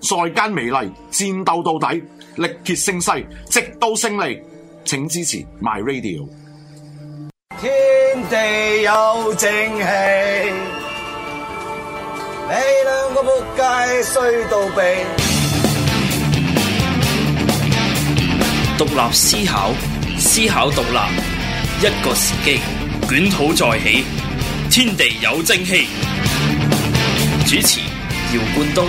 在間美麗，戰鬥到底，力竭勝勢，直到勝利，請支持 My Radio。天地有正氣，你兩個仆街衰到痹。獨立思考，思考獨立，一個時機，捲土再起。天地有正氣。主持：姚冠東。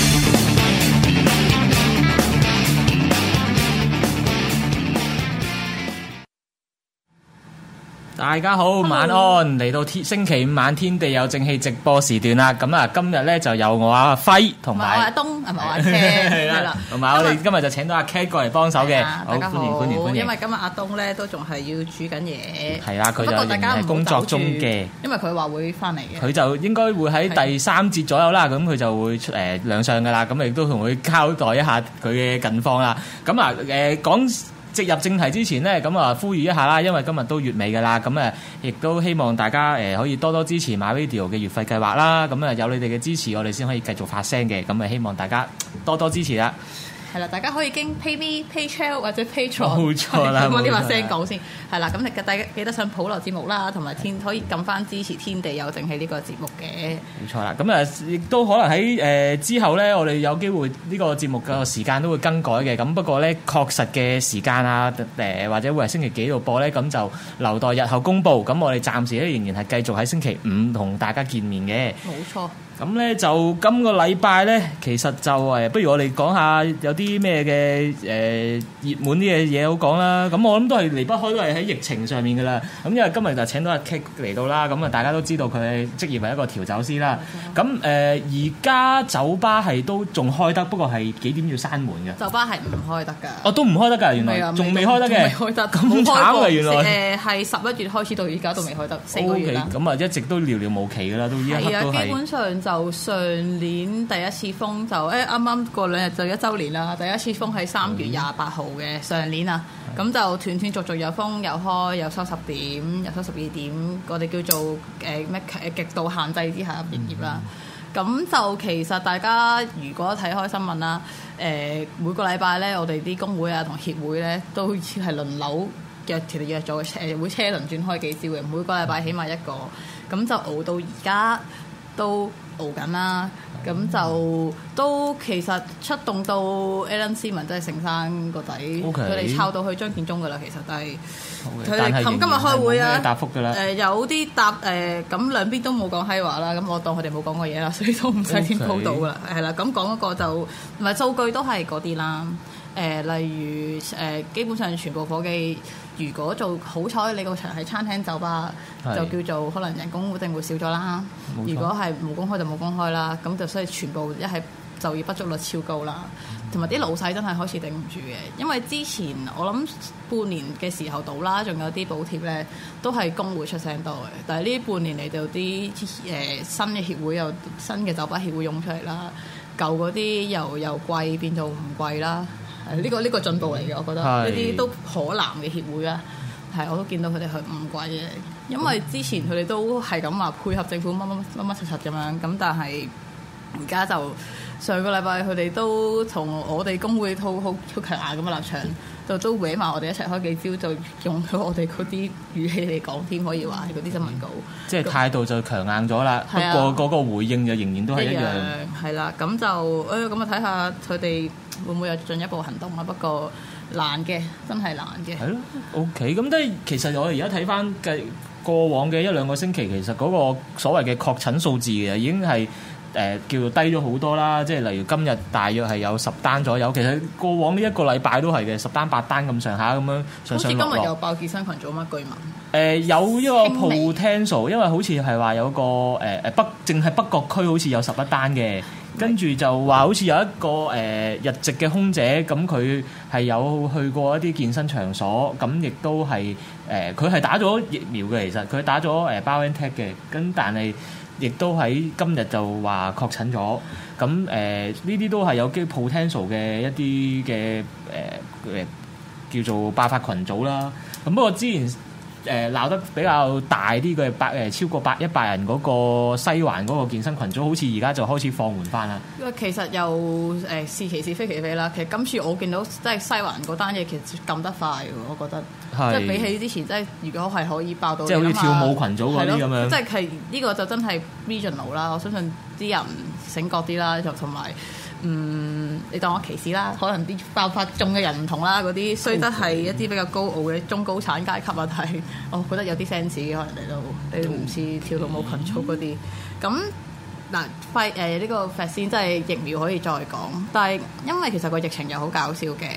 大家好，Hello. 晚安，嚟到天星期五晚天地有正氣直播時段啦。咁啊，今日咧，就由我阿輝同埋我阿東同埋我阿 K 係啦。同埋我哋今日就請到阿 K 過嚟幫手嘅。大家好，好歡迎！歡迎歡迎，因為今日阿東咧，都仲係要煮緊嘢。係啊，佢就過大家工作中嘅，因為佢話會翻嚟嘅。佢就應該會喺第三節左右啦。咁佢的、嗯、就會誒亮相噶啦。咁亦都同佢交代一下佢嘅近況啦。咁啊誒講。呃直入正題之前呢，咁啊，呼籲一下啦，因為今日都月尾㗎啦，咁誒，亦都希望大家誒可以多多支持 MyRadio 嘅月費計劃啦，咁啊，有你哋嘅支持，我哋先可以繼續發聲嘅，咁啊，希望大家多多支持啦。係啦，大家可以經 PayMe、PayPal 或者 Patreon，冇錯啦。揾呢把聲講先，係啦，咁你嘅大家記得上普羅節目啦，同埋天可以撳翻支持天地有正氣呢個節目嘅。冇錯啦，咁啊亦都可能喺誒之後咧，我哋有機會呢個節目嘅時間都會更改嘅。咁不過咧，確實嘅時間啊，誒或者會係星期幾度播咧，咁就留待日後公佈。咁我哋暫時咧仍然係繼續喺星期五同大家見面嘅。冇錯。咁咧就今個禮拜咧，其實就誒，不如我哋講下有啲咩嘅誒熱門啲嘅嘢好講啦。咁我諗都係離不開都係喺疫情上面噶啦。咁因為今日就請到阿 Kick 嚟到啦，咁啊大家都知道佢職業為一個調酒師啦。咁誒而家酒吧係都仲開得，不過係幾點要閂門嘅。酒吧係唔開得㗎。哦，都唔開得㗎，原來。未啊。仲未開得嘅。未開得。咁慘啊，原來。誒，係十一月開始到而家都未開得四個月啦。OK，咁啊，一直都遙遙無期㗎啦，都依一刻都係。係啊，基本上。就上年第一次封就誒啱啱過兩日就一周年啦！第一次封喺三月廿八號嘅上年啊，咁就斷斷續續有封，有開，有收十點，有收十二點，我哋叫做誒咩、呃、極度限制之下營業啦。咁就其實大家如果睇開新聞啦，誒、呃、每個禮拜咧，我哋啲工會啊同協會咧都係輪流約條約咗嘅車會車輪轉開幾招嘅，每個禮拜起碼一個，咁就熬到而家。都熬緊啦，咁就都其實出動到 Alan Simon 真係成山個底，佢哋抄到去張建中噶啦，其實都係佢哋今今日開會啊，答覆噶啦，誒、呃、有啲答誒，咁、呃、兩邊都冇講閪話啦，咁我當佢哋冇講過嘢啦，所以都唔使點報導噶啦，係啦 Okay.，咁講嗰個就同埋數據都係嗰啲啦。誒、呃，例如誒、呃，基本上全部伙計，如果做好彩，你個場喺餐廳、酒吧，是就叫做可能人工一定會少咗啦。錯如果係冇公開就冇公開啦，咁就所以全部一係就業不足率超高啦，同埋啲老細真係開始頂唔住嘅。因為之前我諗半年嘅時候到啦，仲有啲補貼咧，都係工會出聲多嘅。但係呢半年嚟到啲誒新嘅協會又新嘅酒吧協會湧出嚟啦，舊嗰啲又由貴變到唔貴啦。呢、這個呢、這個進步嚟嘅，我覺得呢啲是都可能嘅協會啊，係我都見到佢哋去唔跪嘅，因為之前佢哋都係咁話配合政府乜乜乜乜乜柒柒咁樣，咁但係而家就上個禮拜佢哋都同我哋工會好好好強硬咁嘅立場。就都搵埋我哋一齊開幾招，就用咗我哋嗰啲語氣嚟講添，可以話係嗰啲新聞稿。嗯、那即係態度就強硬咗啦。啊、不過嗰個回應就仍然都係一樣。係啦、啊，咁、啊啊嗯、就誒，咁啊睇下佢哋會唔會有進一步行動啦。不過難嘅，真係難嘅。係咯、啊。O K，咁都係。其實我哋而家睇翻嘅過往嘅一兩個星期，其實嗰個所謂嘅確診數字其實已經係。誒、呃、叫低咗好多啦，即係例如今日大約係有十單左右。其實過往呢一個禮拜都係嘅十單八單咁上下咁樣上上落落。好似今日又爆健身群組乜居民？誒、呃、有呢個 potential，因為好似係話有個誒誒、呃、北，淨係北角區好似有十一單嘅。跟住就話好似有一個誒日籍嘅空姐，咁佢係有去過一啲健身場所，咁亦都係誒佢係打咗疫苗嘅。其實佢打咗誒 BioNTech 嘅，跟但係。亦都喺今日就話確診咗，咁誒呢啲都係有機會 potential 嘅一啲嘅誒誒叫做爆發群組啦。咁不過之前。誒鬧、呃、得比較大啲嘅百誒超過百一百人嗰個西環嗰個健身群組，好似而家就開始放緩翻啦。因為其實又誒是、呃、其是非其非啦。其實今次我見到即係西環嗰單嘢其實撳得快，我覺得是即係比起之前，即係如果係可以爆到即係好似跳舞群組嗰啲咁樣，的即係係呢個就真係 regional o 啦。我相信啲人醒覺啲啦，就同埋。嗯，你當我歧視啦？可能啲爆發中嘅人唔同啦，嗰啲衰得係一啲比較高傲嘅中高產階級啊，但係我覺得有啲 sense 可能你都你唔似跳舞群組嗰啲。咁嗱、嗯，快誒呢個快先，真係疫苗可以再講，但係因為其實個疫情又好搞笑嘅。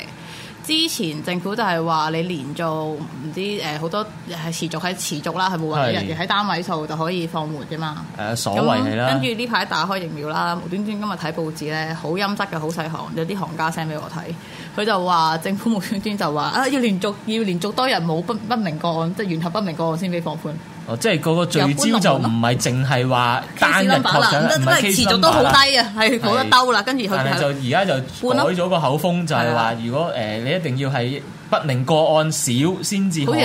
之前政府就係話你連續唔知誒，好多係持續係持續啦，係冇揾到人員喺單位數就可以放活啫嘛。咁跟住呢排打開疫苗啦，無端端今日睇報紙咧，好陰質嘅，好細行，有啲行家 send 俾我睇，佢就話政府無端端就話啊要連續要連續多日冇不不明個案，即係源頭不明個案先俾放寬。哦，即係嗰個聚焦就唔係淨係話單一拍緊，唔係持續都好低啊，係冇得兜啦。跟住佢就而家就改咗個口風，就係話如果誒、呃、你一定要係。不明個案少先至可以，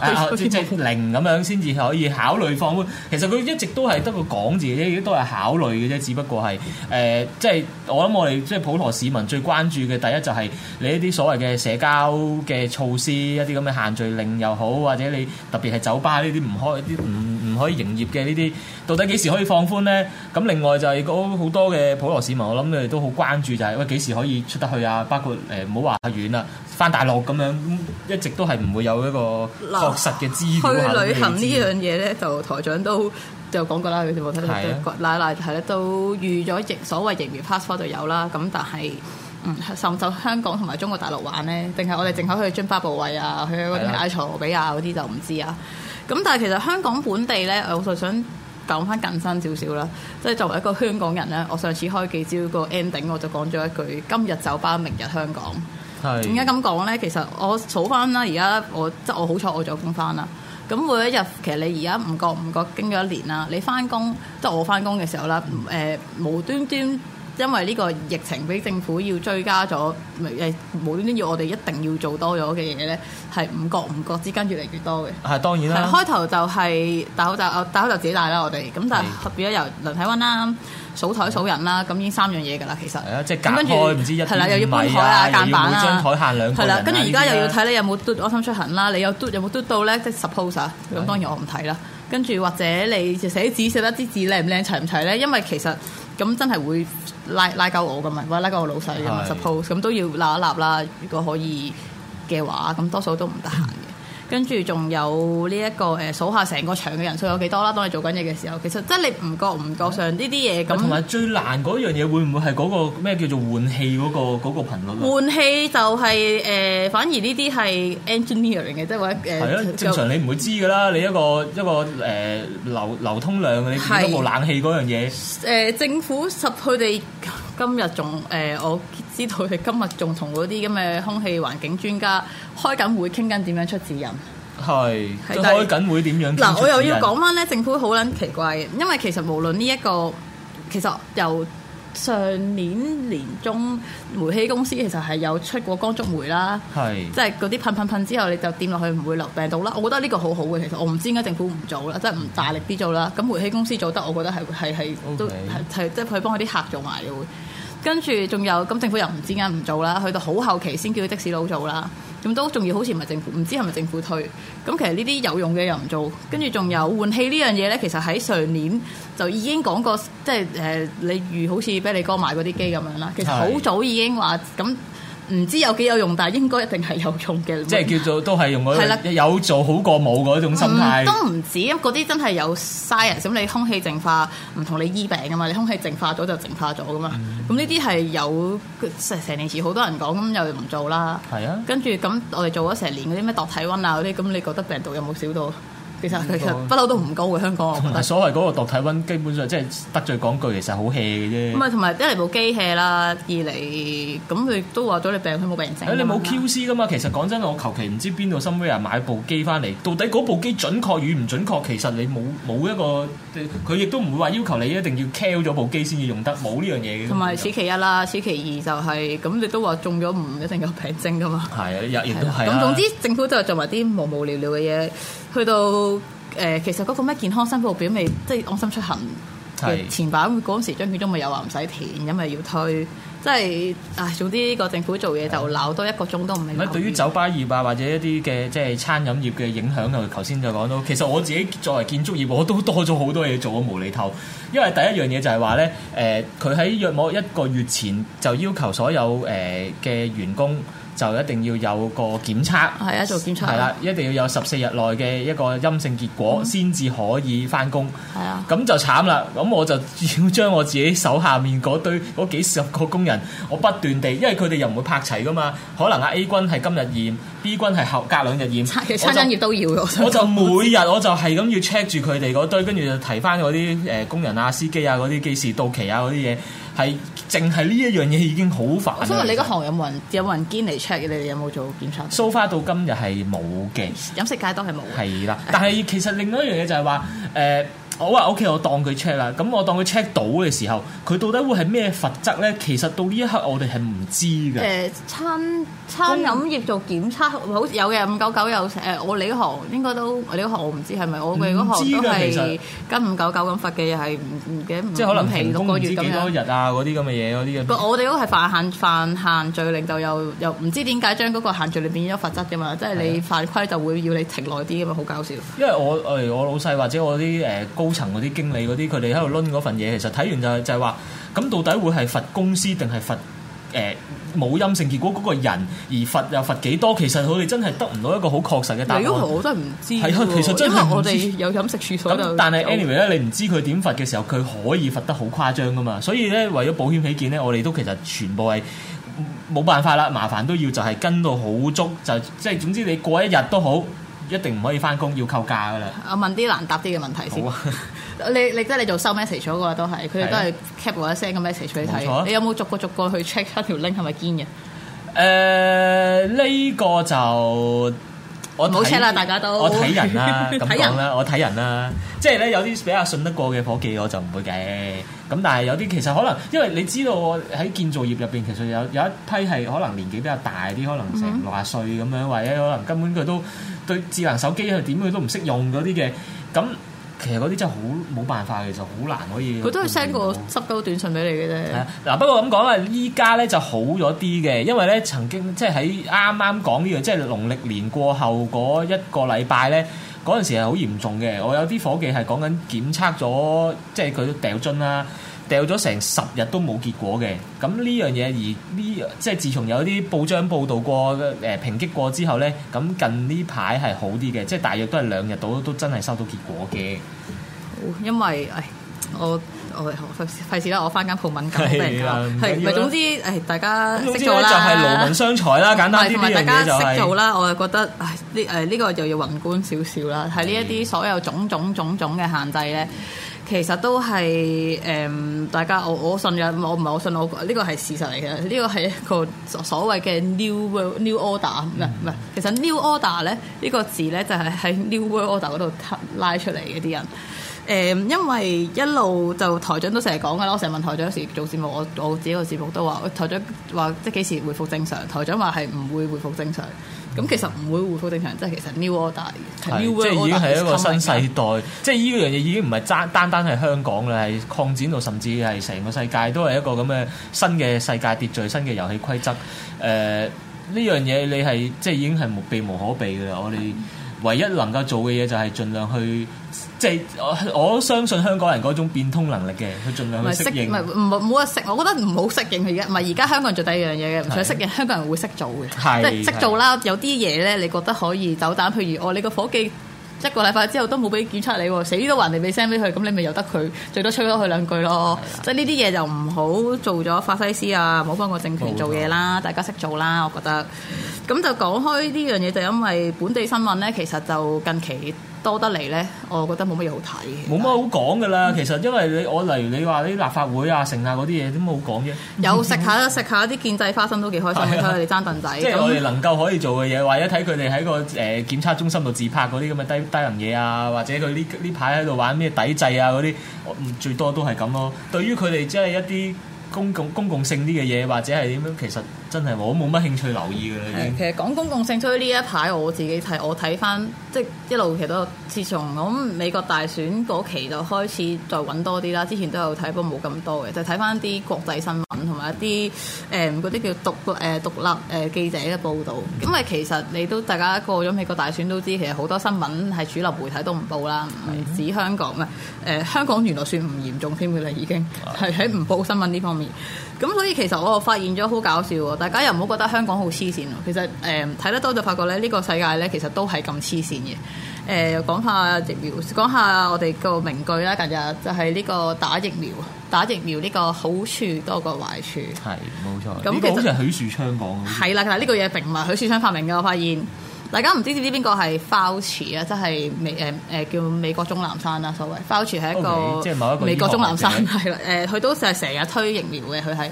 啊、即即零咁樣先至可以考慮放寬。其實佢一直都係得個講字啫，都係考慮嘅啫。只不過係誒，即、呃、係、就是、我諗我哋即係普羅市民最關注嘅第一就係你呢啲所謂嘅社交嘅措施，一啲咁嘅限聚令又好，或者你特別係酒吧呢啲唔開、啲唔唔可以營業嘅呢啲，到底幾時可以放寬咧？咁另外就係、是、好多嘅普羅市民，我諗你哋都好關注就係、是、喂幾時可以出得去啊？包括誒唔好話太遠啊。翻大陸咁樣，一直都係唔會有一個確實嘅資去旅行呢樣嘢咧，就台長都就講過啦。佢哋我睇到，奶奶係咧都預咗營所謂營業 passport 就有啦。咁但係，嗯，甚就香港同埋中國大陸玩咧，定係我哋淨可去津巴布韋、去嗰啲埃塞俄比亞嗰啲就唔知啊。咁但係其實香港本地咧，我就想講翻近身少少啦。即係作為一個香港人咧，我上次開幾招個 ending，我就講咗一句：今日酒吧，明日香港。點解咁講咧？其實我數翻啦，而家我即係我好彩，我仲工翻啦。咁每一日，其實你而家唔覺唔覺經過一年啦。你翻工，即係我翻工嘅時候啦。誒、呃，無端端。因為呢個疫情，俾政府要追加咗誒、無端端要我哋一定要做多咗嘅嘢咧，係唔覺唔覺之間越嚟越多嘅。係，當然啦。開頭就係戴口罩，戴口罩自己戴啦，我哋咁特變咗由量體温啦、數台數人啦，咁、嗯、已經三樣嘢㗎啦，其實。係著啊，即係隔開唔知一米啦，又要搬台啊、間板啊。每張台限兩個人啦、啊啊，跟住而家又要睇你有冇嘟到安心出行啦，你有嘟有冇嘟到咧？即係 suppose 啊，咁當然我唔睇啦。的跟住或者你寫紙寫得啲字靚唔靚、齊唔齊咧？因為其實。咁真係會拉拉鳩我噶嘛，或者拉鳩我老細嘅嘛，suppose 咁都要鬧一鬧啦。如果可以嘅話，咁多數都唔得閒。嗯跟住仲有呢、這、一個誒，數下成個場嘅人數有幾多啦。當你做緊嘢嘅時候，其實即係你唔覺唔覺上呢啲嘢咁。同埋對樣最難嗰樣嘢會唔會係嗰、那個咩叫做換氣嗰、那個嗰、那個頻率咧？換氣就係、是、誒、呃，反而呢啲係 engineering 嘅，即係話誒就。係啊，正常你唔會知㗎啦。你一個一個誒、呃、流流通量，你變咗部冷氣嗰樣嘢。誒、呃、政府實佢哋。今日仲誒，我知道佢今日仲同嗰啲咁嘅空氣環境專家開緊會，傾緊點樣出指引。係，開緊會點樣？嗱，我又要講翻咧，嗯、政府好撚奇怪嘅，因為其實無論呢一個，其實由。上年年中，煤氣公司其實係有出過光觸媒啦，即係嗰啲噴噴噴之後，你就掂落去唔會留病毒啦。我覺得呢個好好嘅，其實我唔知點解政府唔做啦，即係唔大力啲做啦。咁煤氣公司做得，我覺得係係係都係即係佢幫佢啲客做埋嘅會。跟住仲有，咁政府又唔知點解唔做啦，去到好後期先叫的士佬做啦，咁都仲要好似唔係政府，唔知係咪政府推？咁其實呢啲有用嘅又唔做，跟住仲有換氣呢樣嘢呢，其實喺上年就已經講過，即係誒，例、呃、如好似比你哥買嗰啲機咁樣啦，其實好早已經話咁。是唔知有幾有用，但係應該一定係有用嘅。即係叫做都係用嗰啲。係啦 的，有做好過冇嗰種心態。嗯、都唔止，因為嗰啲真係有 science 嘅。咁你空氣淨化唔同你醫病㗎嘛？你空氣淨化咗就淨化咗㗎嘛。咁呢啲係有成成年前好多人講，咁又唔做啦。係啊的。跟住咁，我哋做咗成年嗰啲咩度體溫啊嗰啲，咁你覺得病毒有冇少到？其實其實不嬲都唔高嘅香港，但係所謂嗰個度體溫，基本上即係得罪講句，其實好 hea 嘅啫。唔係同埋一嚟部機器啦，二嚟咁佢都話咗你病佢冇病徵。誒你冇 QC 噶嘛？其實講真，我求其唔知邊度新 user 買部機翻嚟，到底嗰部機準確與唔準確，其實你冇冇一個佢亦都唔會話要求你一定要 cal 咗部機先至用得，冇呢樣嘢嘅。同埋此其一啦，此其二就係咁，你都話中咗唔一定有病徵噶嘛？係啊，亦都係。咁總之政府都係做埋啲無無聊聊嘅嘢，去到。誒，其實嗰個咩健康申報表未？即係安心出行嘅填表，嗰陣是時張建宗都咪有話唔使填，因為要推，即係唉，總之呢個政府做嘢就鬧多一個鐘都唔明。咁啊的，對於酒吧業啊或者一啲嘅即係餐飲業嘅影響，我就頭先就講到。其實我自己作為建築業，我都多咗好多嘢做啊，無厘頭。因為第一樣嘢就係話咧，誒、呃，佢喺約莫一個月前就要求所有誒嘅、呃、員工。就一定要有個檢測，係啊做檢測，係啦，一定要有十四日內嘅一個陰性結果先至可以翻工。係啊的，咁就慘啦。咁我就要將我自己手下面嗰堆嗰幾十個工人，我不斷地，因為佢哋又唔會拍齊噶嘛。可能阿 A 君係今日驗，B 君係後，隔兩日驗，餐飲業都要。我就， 我就每日我就係咁要 check 住佢哋嗰堆，跟住就提翻嗰啲誒工人啊、司機啊嗰啲幾時到期啊嗰啲嘢。係，淨係呢一樣嘢已經好煩，有有。所以你個行有冇人有冇人堅嚟 check？你哋有冇做檢查？So far 到今日係冇嘅。飲食界都係冇。係 啦，但係其實另外一樣嘢就係話，誒、呃。好啊，OK，我當佢 check 啦。咁我當佢 check 到嘅時候，佢到底會係咩罰則咧？其實到呢一刻我哋係唔知嘅。誒餐餐飲業做檢測、嗯、好有嘅，五九九有誒我哋行應該都我哋行，我唔知係咪我哋嗰行都係跟五九九咁罰嘅，係唔唔記得，即係可能係個月咁多日啊？嗰啲咁嘅嘢，嗰啲不過我哋都個係犯限犯限聚令，就限令，就又又唔知點解將嗰個限聚令變咗罰則嘅嘛？即係你犯規就會要你停耐啲嘅嘛，好搞笑。因為我誒、哎、我老細或者我啲誒。呃高層嗰啲經理嗰啲，佢哋喺度撚嗰份嘢，其實睇完就係就係話，咁到底會係罰公司，定係罰誒冇陰性？結果嗰個人而罰又罰幾多？其實佢哋真係得唔到一個好確實嘅答案。都我都唔知。係啊，其實真係唔知。因為我哋有飲食處，所以但係 anyway 咧，any way, 有你唔知佢點罰嘅時候，佢可以罰得好誇張噶嘛。所以咧，為咗保險起見咧，我哋都其實全部係冇辦法啦，麻煩都要就係、是、跟到好足，就即、是、係總之你過一日都好。一定唔可以翻工，要扣假㗎喇！我問啲難答啲嘅問題先好、啊。 你你即係你做收的 message 嗰個都係，佢哋都係 cap 一聲咁 message 俾你睇。你有冇逐個逐個去 check 一條 link 係咪堅嘅？誒，呢、呃呢個就～我冇好車啦，大家都我睇人啦、啊，咁講啦，人我睇人啦、啊，即係咧有啲比較信得過嘅伙計，我就唔會嘅。咁但係有啲其實可能，因為你知道我喺建造業入邊，其實有有一批係可能年紀比較大啲，可能成六廿歲咁樣，或者可能根本佢都對智能手機係點佢都唔識用嗰啲嘅咁。其實嗰啲真係好冇辦法，其實好難可以。佢都係 send 個濕到短信俾你嘅啫。係啊，嗱，不過咁講啦，依家咧就好咗啲嘅，因為咧曾經即係喺啱啱講呢樣，即係農曆年過後嗰一個禮拜咧，嗰陣時係好嚴重嘅。我有啲伙計係講緊檢測咗，即係佢都掉樽啦。掉咗成十日都冇結果嘅，咁呢樣嘢而呢即係自從有啲報章報導過誒抨擊過之後咧，咁近呢排係好啲嘅，即係大約都係兩日到都真係收到結果嘅。好，因為誒我我費事費事啦，我翻間鋪問緊嚟。係咪總之誒大家識做啦？總之我就係勞民傷財啦，簡單啲嘅嘢就係。同埋大家識做啦，我覺得誒呢誒呢個又要宏觀少少啦，係呢一啲所有種種種種嘅限制咧。其實都係誒、嗯，大家我我信任我唔係我信我呢個係事實嚟嘅，呢個係一個所所謂嘅 new world new order 唔係唔係，其實 new order 咧呢個字咧就係喺 new world order 嗰度拉出嚟嘅啲人誒、嗯，因為一路就台長都成日講噶啦，我成日問台長有時做節目，我我自己個節目都話，我台長話即幾時回復正常？台長話係唔會回復正常。咁其實唔會回復正常，即係其實 new or 但係 order 即係已經係一個新世代， 即係呢個樣嘢已經唔係單單單係香港啦，係擴展到甚至係成個世界都係一個咁嘅新嘅世界秩序、新嘅遊戲規則。誒、呃，呢樣嘢你係即係已經係無避無可避嘅啦。我哋唯一能夠做嘅嘢就係盡量去。即係我我相信香港人嗰種變通能力嘅，佢盡量去適應。唔係唔唔唔好話識，我覺得唔好適應佢而家。唔係而家香港人做第二樣嘢嘅，唔想適應。香港人會識做嘅，即係識做啦。有啲嘢咧，你覺得可以走膽，譬如哦，你個夥計一個禮拜之後都冇俾檢測你，死都還未俾聲俾佢，咁你咪由得佢最多吹咗佢兩句咯。即係呢啲嘢就唔好做咗法西斯啊，唔好幫個政權做嘢啦。大家識做啦，我覺得。咁就講開呢樣嘢，就因為本地新聞咧，其實就近期。多得嚟咧，我覺得冇乜嘢好睇。冇乜好講噶啦，嗯、其實因為你我例如你話啲立法會啊、成下嗰啲嘢都冇講啫。有食、嗯、下食下啲建制花生都幾開心，睇佢哋爭凳仔。即係我哋能夠可以做嘅嘢，嗯、或者睇佢哋喺個誒檢測中心度自拍嗰啲咁嘅低低能嘢啊，或者佢呢呢排喺度玩咩抵制啊嗰啲，嗯，最多都係咁咯。對於佢哋即係一啲。公共公共性啲嘅嘢，或者係點樣？其實真係我冇乜興趣留意嘅。其實講公共性，所以呢一排我自己睇，我睇翻即係一路其實都，自從咁美國大選嗰期就開始再揾多啲啦。之前都有睇，不過冇咁多嘅，就睇翻啲國際新聞同埋一啲誒嗰啲叫獨誒、呃、獨立誒記者嘅報導。嗯、因為其實你都大家過咗美國大選都知，其實好多新聞係主流媒體都唔報啦，唔係指香港，唔、呃、係香港原來算唔嚴重添嘅啦，已經係喺唔報新聞呢方面。咁所以其實我發現咗好搞笑喎，大家又唔好覺得香港好黐線咯。其實誒睇得多就發覺咧，呢個世界咧其實都係咁黐線嘅。誒、呃、講下疫苗，講下我哋個名句啦，近日就係呢個打疫苗，打疫苗呢個好處多過壞處。係冇錯。咁其實好似係許樹昌講。係啦，其實呢個嘢並唔係許樹昌發明嘅，我發現。大家唔知知邊個係 Fauci 啊，即係美誒誒叫美國鍾南山啦，所謂 Fauci 係一個即係某一個美國鍾南山係啦，誒佢都成日成日推疫苗嘅，佢係，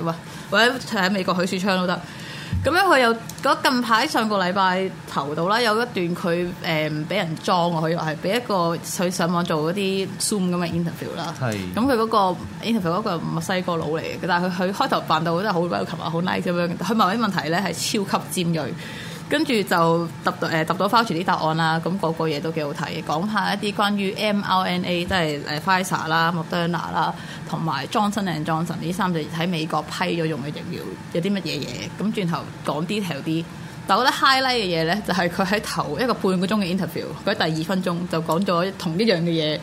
或者喺美國許樹昌都得。咁樣佢又近排上個禮拜投到啦，有一段佢誒俾人裝佢又係俾一個佢上網做嗰啲 Zoom 咁嘅 interview 啦是。係，咁佢嗰個 interview 嗰個墨西哥佬嚟嘅，但係佢佢開頭扮到真係好琴日好 nice 咁樣，佢問啲問題咧係超級尖銳。跟住就揼到誒揼、欸、到翻出啲答案、那個、個一一 NA，啦，咁個個嘢都幾好睇。講下一啲關於 mRNA，即係誒輝瑞啦、莫德納啦，同埋 Johnson and Johnson 呢三隻喺美國批咗用嘅疫苗有啲乜嘢嘢？咁轉頭講 detail 啲，但我覺得 highlight 嘅嘢咧就係佢喺頭一個半個鐘嘅 interview，佢喺第二分鐘就講咗同一樣嘅嘢。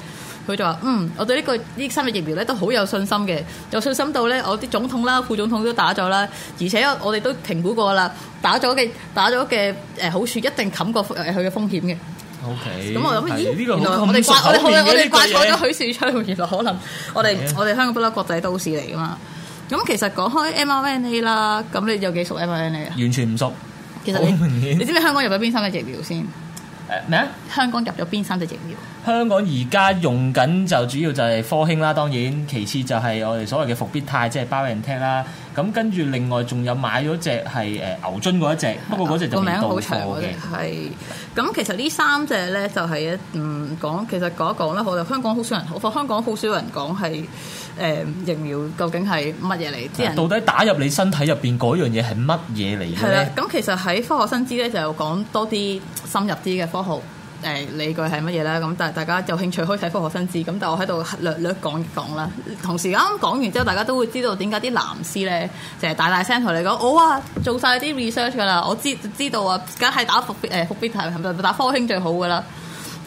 佢就話：嗯，我對呢個呢三隻疫苗咧都好有信心嘅，有信心到咧，我啲總統啦、副總統都打咗啦，而且我哋都評估過啦，打咗嘅打咗嘅誒好處一定冚過誒佢嘅風險嘅。OK，咁我諗咦，原來我哋我哋我哋我哋怪錯咗許樹昌，原來可能我哋我哋香港不嬲國際都市嚟噶嘛。咁其實講開 mRNA 啦，咁你有幾熟 mRNA 啊？完全唔熟。其實你你知唔知香港入咗邊三隻疫苗先？誒咩、呃、香港入咗邊三隻疫苗？香港而家用緊就主要就係科興啦，當然其次就係我哋所謂嘅伏必泰，即係包畀人聽啦。咁跟住另外仲有買咗只係誒牛津嗰隻，的不過嗰隻就個名好長嘅。係咁的，其實呢三隻咧就係、是、一嗯講，其實講一講啦，好啊！香港好少人，我發香港好少人講係。誒、呃、疫苗究竟係乜嘢嚟？到底打入你身體入邊嗰樣嘢係乜嘢嚟嘅咧？咁其實喺科學新知咧就講多啲深入啲嘅科學誒、呃、理據係乜嘢啦？咁但係大家有興趣可以睇科學新知。咁但係我喺度略略講講啦。同時啱講完之後，大家都會知道點解啲藍絲咧成日大大聲同你講：我哇做晒啲 research 㗎啦，我知知道啊，而家係打復必、誒、復必泰，打科興最好㗎啦。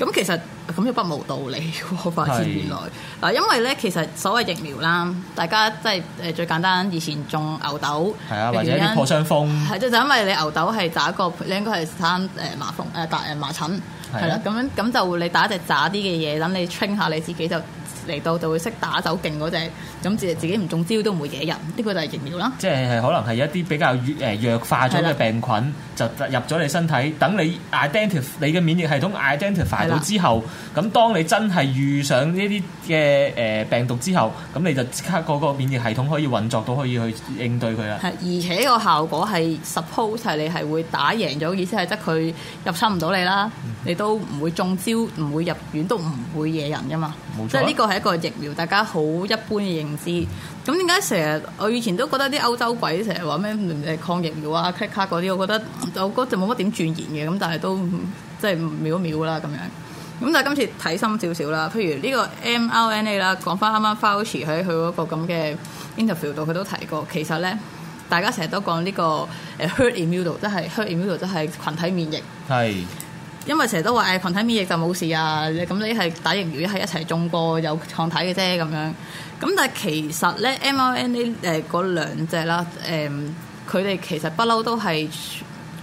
咁其實咁就不無道理喎，我發現原來嗱，係因為咧其實所謂疫苗啦，大家即係誒最簡單，以前種牛痘，係啊，或者破傷風，係即係因為你牛痘係打一個，你應該係生誒麻風誒打誒麻疹，係啦、啊，咁、啊、樣咁就你打隻渣啲嘅嘢，等你清下你自己就。嚟到就會識打走勁嗰隻，咁自自己唔中招都唔會惹人，呢、這個就係疫苗啦。即係可能係一啲比較誒弱化咗嘅病菌，的就入咗你身體。等你 identify 你嘅免疫系統 identify 到之後，咁的當你真係遇上呢啲嘅誒病毒之後，咁你就即刻個個免疫系統可以運作到，可以去應對佢啊。而且個效果係 suppose 係你係會打贏咗，意思係得佢入侵唔到你啦，嗯、你都唔會中招，唔會入院，都唔會惹人噶嘛。即係呢個係一個疫苗，大家好一般嘅認知。咁點解成日我以前都覺得啲歐洲鬼成日話咩誒抗疫苗啊、critic 嗰啲，我覺得我覺、嗯、就冇乜點轉言嘅。咁但係都、嗯、即係秒秒啦咁樣。咁但係今次睇深少少啦。譬如呢個 mRNA 啦，講翻啱啱 Fauci 喺佢嗰個咁嘅 interview 度，佢都提過。其實咧，大家成日都講呢個誒 herd immunity，即係 herd immunity 即係群體免疫。係。因為成日都話誒，群體免疫就冇事啊，咁你係打疫苗一係一齊中過有抗體嘅啫咁樣。咁但係其實咧，mRNA 誒、呃、嗰兩隻啦，誒佢哋其實不嬲都係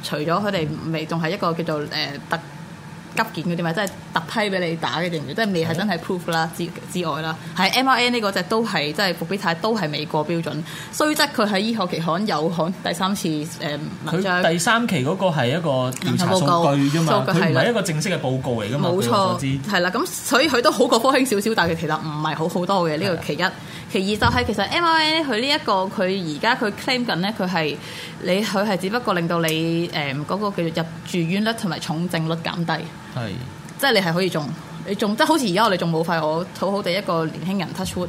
除咗佢哋未，仲係一個叫做誒特。呃急件嗰啲咪即係特批俾你打嘅定嘅，即係未係真係 proof 啦之之外啦，係 M R N 呢個隻都係即係復必泰都係未過標準，雖則佢喺醫學期刊有刊第三次誒文章。佢第三期嗰個係一個調查數據啫嘛，唔係告一個正式嘅報告嚟噶嘛。冇錯，係啦，咁所以佢都好過科興少少，但係其實唔係好好多嘅呢的個其一。其二就係、是、其實 M R N 佢呢一個佢而家佢 claim 緊咧，佢係你佢係只不過令到你誒嗰、嗯那個叫做入住院率同埋重症率減低。係， 即係你係可以中，你中即係好似而家我哋仲冇肺，我好好地一個年輕人 touch wood，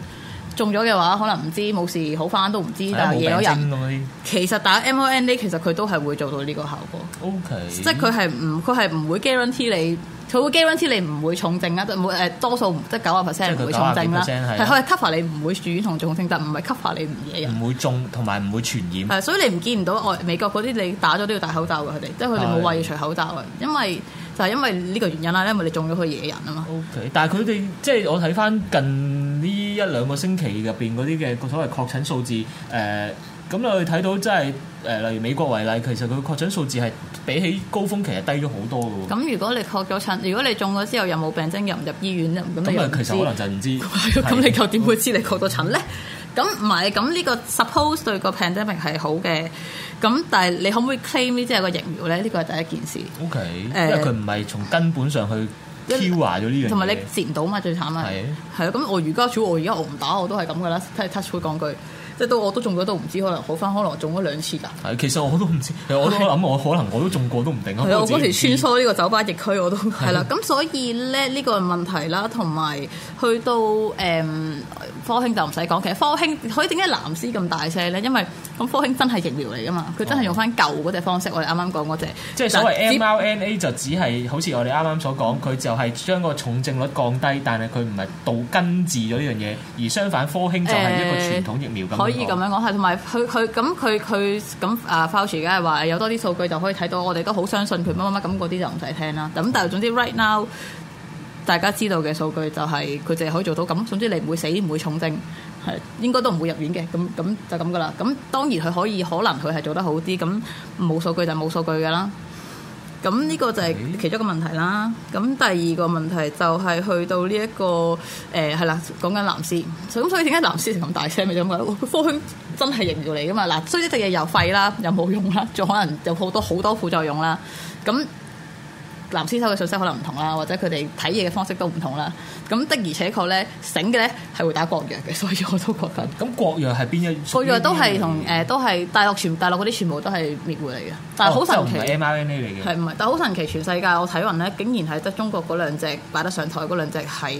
中咗嘅話，可能唔知冇事好翻都唔知， 但係惹咗人。其實打 M O N D 其實佢都係會做到呢個效果。O Okay , K，即係佢係唔佢係唔會 guarantee 你，佢會 guarantee 你唔會重症啊，即係多數即係九啊 percent 唔會重症啦。係佢係 cover 你唔會住院同重症，嗯、但唔係 cover 你唔惹唔會中同埋唔會傳染。係，所以你唔見唔到外美國嗰啲，你打咗都要戴口罩㗎，佢哋即係佢哋冇話要除口罩㗎，因為。就係因為呢個原因啦，因為你中咗佢野人啊嘛。Okay，但係佢哋即係我睇翻近呢一兩個星期入邊嗰啲嘅所謂確診數字，誒咁你去睇到即係誒例如美國為例，其實佢確診數字係比起高峰期係低咗好多噶喎。咁如果你確咗診，如果你中咗之後又冇病徵，又唔入醫院，咁其實可能就唔知。咁是 你又點會知你確咗診咧？咁唔係，咁呢、 呢個 suppose 對個 pandemic 係好嘅。咁但係你可唔可以 claim 呢？即係個疫苗咧？呢個係第一件事。OK，因為佢唔係從根本上去 kill 咗呢樣嘢，同埋你截唔到嘛？最慘係係啊，咁是我瑜伽主，我而家我唔打，我都係咁噶啦。即係 touch 會講句。即係都我都中咗都唔知，可能好翻，可能中咗兩次㗎。係其實我都唔知，我諗我可能我都中過都唔定啊。係 我嗰時穿梭呢個酒吧疫區我，我都係啦。咁所以咧呢、呢個問題啦，同埋去到誒、嗯、科興就唔使講。其實科興可以點解藍絲咁大聲咧？因為咁科興真係疫苗嚟㗎嘛，佢真係用翻舊嗰隻方式。哇我哋啱啱講嗰隻，即係所謂 mRNA 就只係好似我哋啱啱所講，佢就係將個重症率降低，但係佢唔係到根治咗呢樣嘢，而相反科興就係一個傳統疫苗咁、欸。可以咁樣講係，同埋佢佢咁佢佢咁啊 Fauci 梗係話有多啲數據就可以睇到，我哋都好相信佢乜乜乜，咁嗰啲就唔使聽啦。咁但係總之，right now 大家知道嘅數據就係佢淨係可以做到咁。總之你唔會死，唔會重症，係應該都唔會入院嘅。咁咁就咁噶啦。咁當然佢可以，可能佢係做得好啲。咁冇數據就冇數據㗎啦。咁呢個就係其中一個問題啦。咁第二個問題就係去到呢、這、一個誒係啦，講緊藍絲咁，所以點解藍絲成咁大聲嘅啫？因為科興真係營業嚟噶嘛嗱，所以呢啲嘢又廢啦，又冇用啦，仲可能有好多好多副作用啦。咁藍先生嘅信息可能唔同啦，或者佢哋睇嘢嘅方式都唔同啦。咁的而且確咧，醒嘅咧係會打國藥嘅，所以我都覺得。咁、嗯、國藥係邊一？國藥都係同誒，都係大陸全大陸啲全部都係滅活嚟嘅，但係好、哦、神奇。唔係 M R N A 嚟嘅，係唔係？但係好神奇，全世界我睇勻咧，竟然係得中國嗰兩隻擺得上台嗰兩隻係。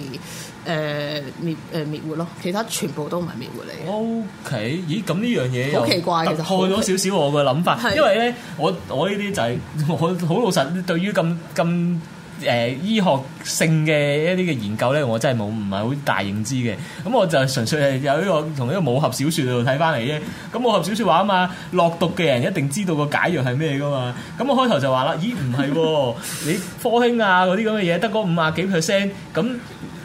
誒、呃、滅誒、呃、滅活咯，其他全部都唔係滅活嚟嘅。O、okay, K，咦？咁呢樣嘢好奇怪，其實就破咗少少我嘅諗法。的因為咧，我我呢啲就係、是、我好老實，對於咁咁誒醫學性嘅一啲嘅研究咧，我真係冇唔係好大認知嘅。咁我就純粹係有呢個同呢個武俠小説度睇翻嚟啫。咁武俠小説話啊嘛，落毒嘅人一定知道個解藥係咩噶嘛。咁我開頭就話啦，咦？唔係喎， 你科興啊嗰啲咁嘅嘢得嗰五啊幾 percent 咁。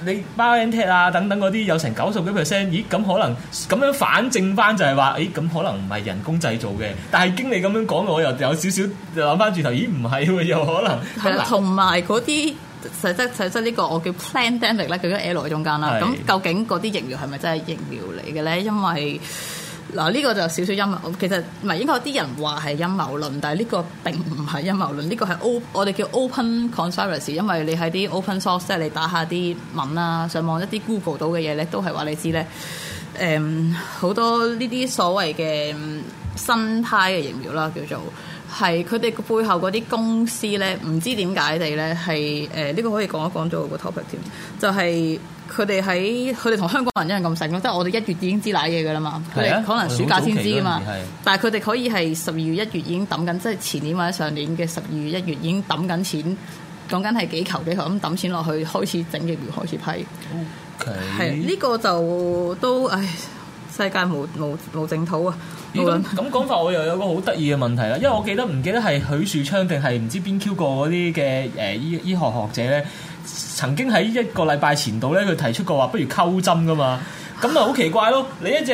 你包 NT 啊，等等嗰啲有成九十九 percent，咦，咁可能咁樣反證翻就係、是、話，咦，咁可能唔係人工製造嘅，但係經理咁樣講，我又有少少諗翻轉頭，咦，唔係有可能係啊，同埋嗰啲實質實質呢個我叫 plan dynamic 咧，佢喺 air 落中間啦，咁是的 究竟嗰啲疫苗係咪真係疫苗嚟嘅咧？因為嗱呢個就少少陰謀，其實唔係應該有啲人話係陰謀論，但係呢個並唔係陰謀論，呢、這個係 O 我哋叫 open conspiracy，因為你喺啲 open source 即係你打一下啲文啦，上網一啲 Google 到嘅嘢咧，都係話你知咧，誒、嗯、好多呢啲所謂嘅新派嘅疫苗啦，叫做係佢哋背後嗰啲公司咧，唔知點解地咧係誒呢個可以講一講咗個 topic 添，就係、是。佢哋喺佢哋同香港人一樣咁醒咯，即係我哋一月已經知那嘢嘅啦嘛，佢可能暑假先知噶嘛，但係佢哋可以係十二月一月已經揼緊，即係前年或者上年嘅十二月一月已經揼緊錢，講緊係幾球幾球，咁揼錢落去，開始整疫苗，開始批。係、嗯、呢 Okay.、呢個就都唉，世界冇無無淨土啊！咁講、欸、 法我又有個好得意嘅問題啦，因為我記得唔記得係許樹昌定係唔知邊 Q 個嗰啲嘅誒醫醫學學者咧？曾經喺一個禮拜前度咧，佢提出過話，不如溝針噶嘛，咁啊好奇怪咯！你一隻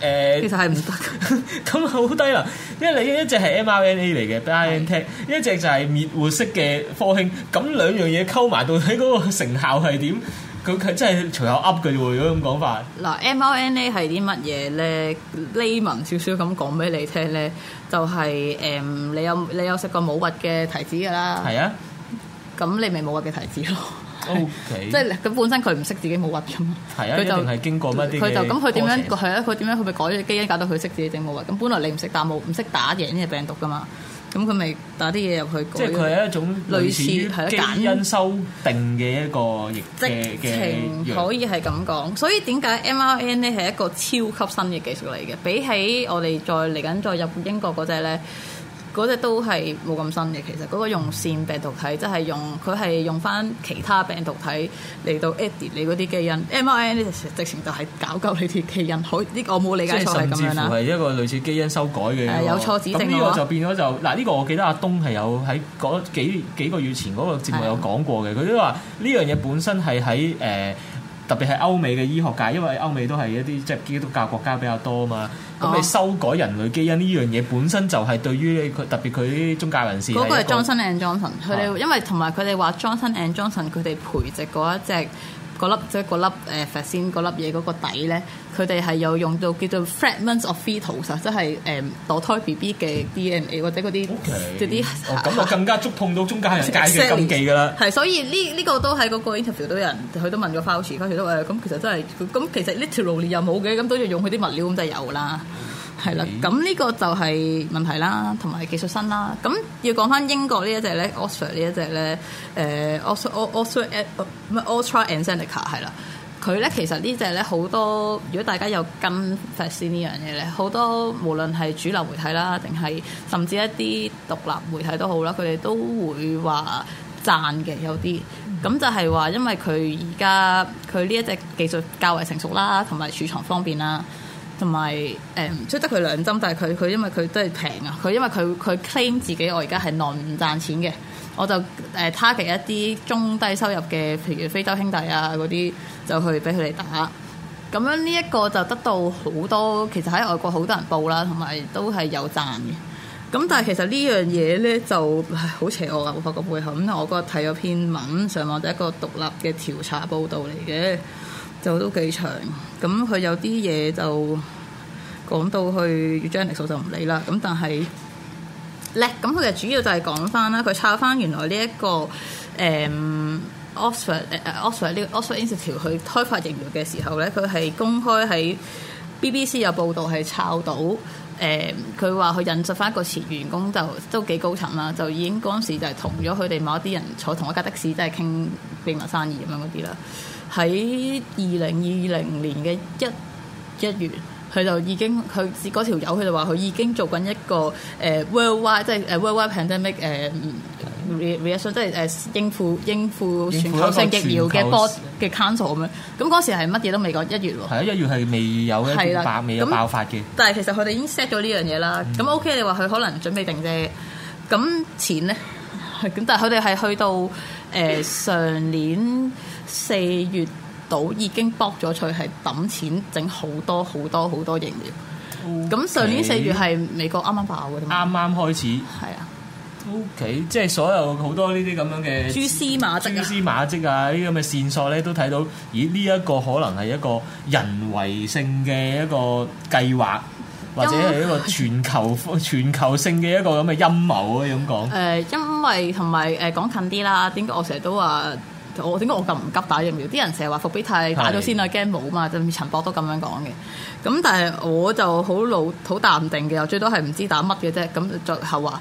誒，其實係唔得嘅，咁好低啦。因為你一隻係 mRNA 嚟嘅，BioNTech，一隻就係滅活式嘅科興，咁兩樣嘢溝埋到底嗰個成效係點？佢係真係隨口噏嘅啫喎，如果咁講法。嗱，mRNA 係啲乜嘢咧？lay 文少少咁講俾你聽咧，就係誒，你有你有食過冇核嘅提子噶啦？係啊。咁你咪冇核嘅提子囉。OK，即係佢本身佢唔識自己冇核㗎嘛。係啊，佢就係經過乜？佢就咁佢點樣係啊？佢點樣佢咪改咗基因，搞到佢識自己整冇核。咁本來你唔識打冇唔識打呢隻病毒㗎嘛？咁佢咪打啲嘢入去。即係佢係一種類似係基因修訂嘅一個疫疫情，可以係咁講。所以點解 mRNA 係一個超級新嘅技術嚟嘅？比起我哋再嚟緊再入英國嗰隻咧。嗰隻都係冇咁新嘅。其實嗰個用線病毒體，即係用佢係用返其他病毒體嚟到 edit 你嗰啲基因 mRNA 直情就係搞鳩你啲基因。好，呢個我冇理解錯，係咁樣啦。甚至乎係、嗯、一個類似基因修改嘅、嗯，有錯指正。咁呢個就變咗就嗱呢、呢個我記得阿東係有喺嗰幾幾個月前嗰個節目有講過嘅，佢都話呢樣嘢本身係喺誒。呃特別係歐美嘅醫學界，因為歐美都係一啲即係基督教國家比較多嘛，咁、oh. 你修改人類基因呢樣嘢本身就係對於佢特別佢宗教人士，嗰個係莊森 And Johnson 佢哋、oh. 因為同埋佢哋話莊森 And Johnson 佢哋培植嗰一隻。個粒即係個粒誒佛仙嗰粒嘢嗰個底咧，佢哋係有用到叫做 fragment of foetus 啊，即係誒墮胎 B B 嘅 D N A 或者嗰啲，即係啲。哦，咁我更加觸痛到中間人界嘅禁忌㗎啦。係，所以呢呢個都喺嗰個 interview 都人，佢都問咗 Fauci，佢都話：，咁其實真係，咁其實 literally 又冇嘅，咁都要用佢啲物料咁就有啦。係啦，咁呢、嗯、個就係問題啦，同埋技術新啦。咁要講翻英國呢一隻咧 AstraZeneca 呢一隻咧，誒 AstraZeneca，唔係 AstraZeneca 係啦。佢咧、嗯、其實呢隻咧好多，如果大家有跟發燒呢樣嘢咧，好多無論係主流媒體啦，定係甚至一啲獨立媒體都好啦，佢哋都會話讚嘅有啲。咁就係話因為佢而家佢呢一隻技術較為成熟啦，同埋儲藏方便啦。同埋誒，唔出得佢兩針，但係佢佢因為佢都係平啊，佢因為佢佢 claim 自己我而家係耐唔賺錢嘅，我就誒 target 一啲中低收入嘅，譬如非洲兄弟啊嗰啲，就去俾佢哋打。咁樣呢一個就得到好多，其實喺外國好多人報啦，同埋都係有賺嘅。咁但係其實呢樣嘢咧就好邪惡啊！我發覺背後，咁我嗰日睇咗篇文，上網就一個獨立嘅調查報導嚟嘅。就都幾長，咁佢有啲嘢就講到去 journalism 就唔理啦。咁但係咧，咁佢就主要就係講翻啦，佢抄翻原來呢、這、一個誒、呃、Oxford 誒、呃、Oxford 呢 Oxford Institute 去開發疫苗嘅時候咧，佢係公開喺 BBC 有報導係抄到誒，佢話佢引述翻一個前員工就都幾高層啦，就已經當時就係同咗佢哋某一啲人坐同一架的士，即係傾秘密生意咁樣嗰啲啦。喺二零二零年嘅一一月，佢就已經佢嗰條友，佢就話佢已經做緊一個誒、呃、world wide 即係誒 world wide pandemic 誒、呃、re reaction，即係誒應付應付全球性疫苗嘅波嘅 cancel 咁樣。咁嗰時係乜嘢都未講，一月喎。係啊，一月係未有，係爆未有爆發嘅。但係其實佢哋已經 set 咗呢樣嘢啦。咁 OK，你話佢可能準備定啫。咁錢咧，咁 但係佢哋係去到誒、呃、上年。四月到已經卜咗佢係抌錢整好多好多好多疫苗。咁上 Okay. 年四月係美國啱啱爆啱啱開始。係啊。O K，即係所有好多呢啲咁樣嘅蛛絲馬跡蛛絲馬跡啊，呢啲咁嘅線索咧，都睇到咦呢一個可能係一個人為性嘅一個計劃，或者係一個全球 全球性嘅一個咁嘅陰謀咯，咁講。誒、呃，因為同埋誒講近啲啦，點解我成日都話？我點解我咁唔急打疫苗？啲人成日話復必泰打咗先啦，驚冇嘛。就陳博都咁樣講嘅。咁但係我就好老好淡定嘅，我最多係唔知打乜嘅啫。咁就後話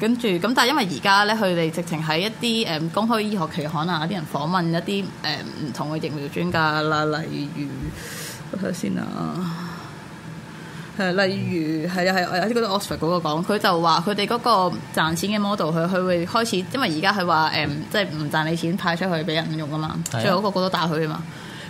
跟住咁，但係因為而家咧，佢哋直情喺一啲誒公開醫學期刊啊，啲人訪問一啲誒唔同嘅疫苗專家啦，例如睇下先啦。誒，例如係啊係，有啲嗰度 Oxford 嗰個講，佢就話佢哋嗰個賺錢嘅 model，佢佢會開始，因為而家佢話誒，即係唔賺你錢派出去俾人用啊嘛，最後個個都打佢啊嘛。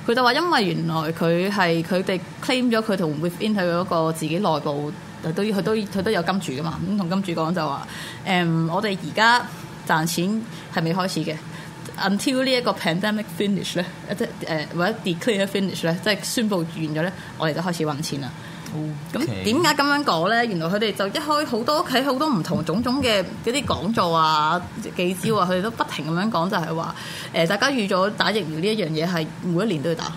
佢的就話因為原來佢係佢哋 claim 咗佢同 Within 佢嗰個自己內部，都佢都佢都有金主噶嘛。咁同金主講就話誒，我哋而家賺錢係未開始嘅，until 呢一個 pandemic finish 咧，即係誒或者 declare finish 咧，即係宣布完咗咧，我哋就開始揾錢啦。咁點解咁樣講呢？原來佢哋就一開好多喺好多唔同種種嘅嗰啲講座啊、記招啊，佢哋都不停咁樣講，就係話誒，大家預咗打疫苗呢一樣嘢係每一年都要打。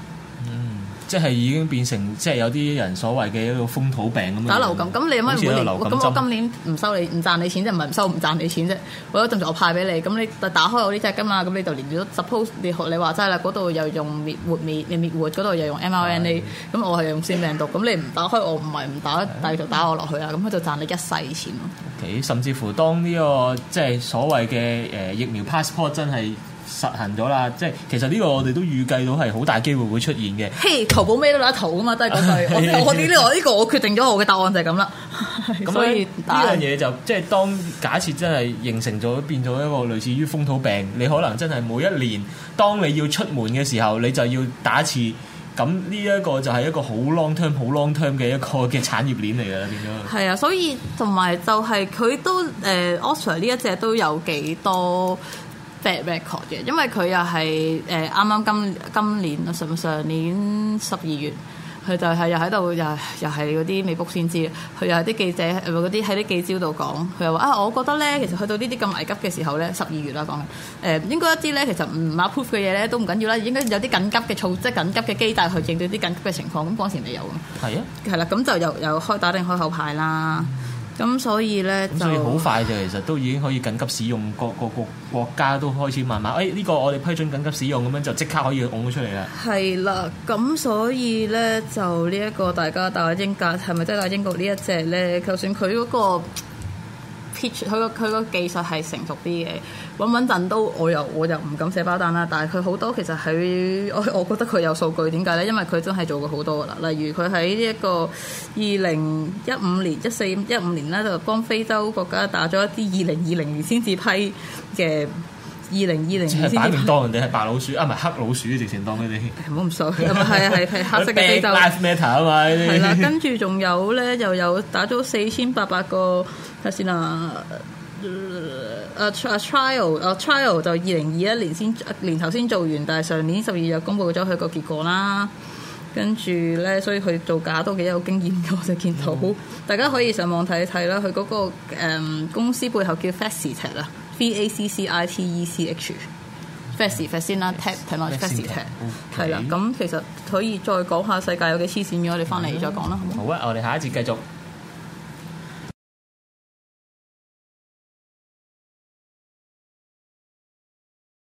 即係已經變成，即係有啲人所謂嘅一個風土病咁樣。打流感，咁你有乜唔理？咁我今年唔收你，唔賺你錢，即係唔係唔收唔賺你錢啫？我有陣時我派俾你，咁你就打開我呢隻㗎嘛？咁你就連住都 suppose 你學你話齋啦，嗰度又用滅活滅，你滅活嗰度又用 mRNA，咁我係用腺病毒。咁你唔打開我，唔係唔打，繼續打我落去啦。咁佢就賺你一世錢咯。O K，甚至乎當呢個即係所謂嘅誒疫苗 passport 真係。實行咗啦，即係其實呢個我哋都預計到係好大機會會出現嘅。嘿，淘寶咩都有一套噶嘛，都係嗰句。 我我呢、呢個、呢個我、呢個我，呢個、我決定咗我嘅答案就係咁啦。咁 所以呢樣嘢就即係當假設真係形成咗變咗一個類似於風土病，你可能真係每一年當你要出門嘅時候，你就要打一次。咁呢一個就係一個好 long term、好 long term 嘅一個嘅產業鏈嚟嘅，變咗。係啊，所以同埋就係佢都誒 Oscar 呢一隻都有幾多？bad record 嘅，因為佢又係誒啱啱今今年啊上上年十二月，佢就係又喺度又又係嗰啲未卜先知，佢又係啲記者誒嗰啲喺啲記者度講，佢又話啊，我覺得咧，其實去到呢啲咁危急嘅時候咧，十二月啦講，誒、啊、應該一啲咧，其實唔唔 approve 嘅嘢咧都唔緊要啦，應該有啲緊急嘅措，即係緊急嘅機，帶去應對啲緊急嘅情況，咁當時未有啊，係啊的，係啦，咁就又又開打定開後排啦。咁所以咧，咁所以好快就其實都已經可以緊急使用，各各個國家都開始慢慢，誒呢個我哋批准緊急使用，咁樣就即刻可以攞咗出嚟啦。係啦，咁所以咧，就呢一個大家打英格，係咪真係打英國呢一隻咧？就算佢嗰個。佢個佢個技術係成熟啲嘅，穩穩陣都我又我又唔敢寫包單啦。但係佢好多其實喺我我覺得佢有數據，點解呢？因為佢真係做過好多啦。例如佢喺呢一個二零一五年一四一五年呢，就幫非洲國家打咗一啲二零二零年先至批嘅。二零二零年先擺明當人哋係白老鼠啊，唔係黑老鼠直情當你哋。唔好唔熟。係啊係啊，係黑色嘅就 life matter 啊嘛。係啦，跟住仲有咧，又有打咗四千八百個睇先啦。啊 trial 啊 trial 就二零二一年先年頭先做完，但係上年十二月公佈咗佢個結果啦。跟住咧，所以佢造假都幾有經驗，我就見到大家可以上網睇一睇啦。佢嗰個公司背後叫 Fastet 啊。V A C C I T E C H，fasty fast 先啦，tap 睇耐，fasty tap，係啦，咁其實可以再講下世界有幾黐線嘅，我哋翻嚟再講啦，好唔好？好啊，我哋下一節繼續。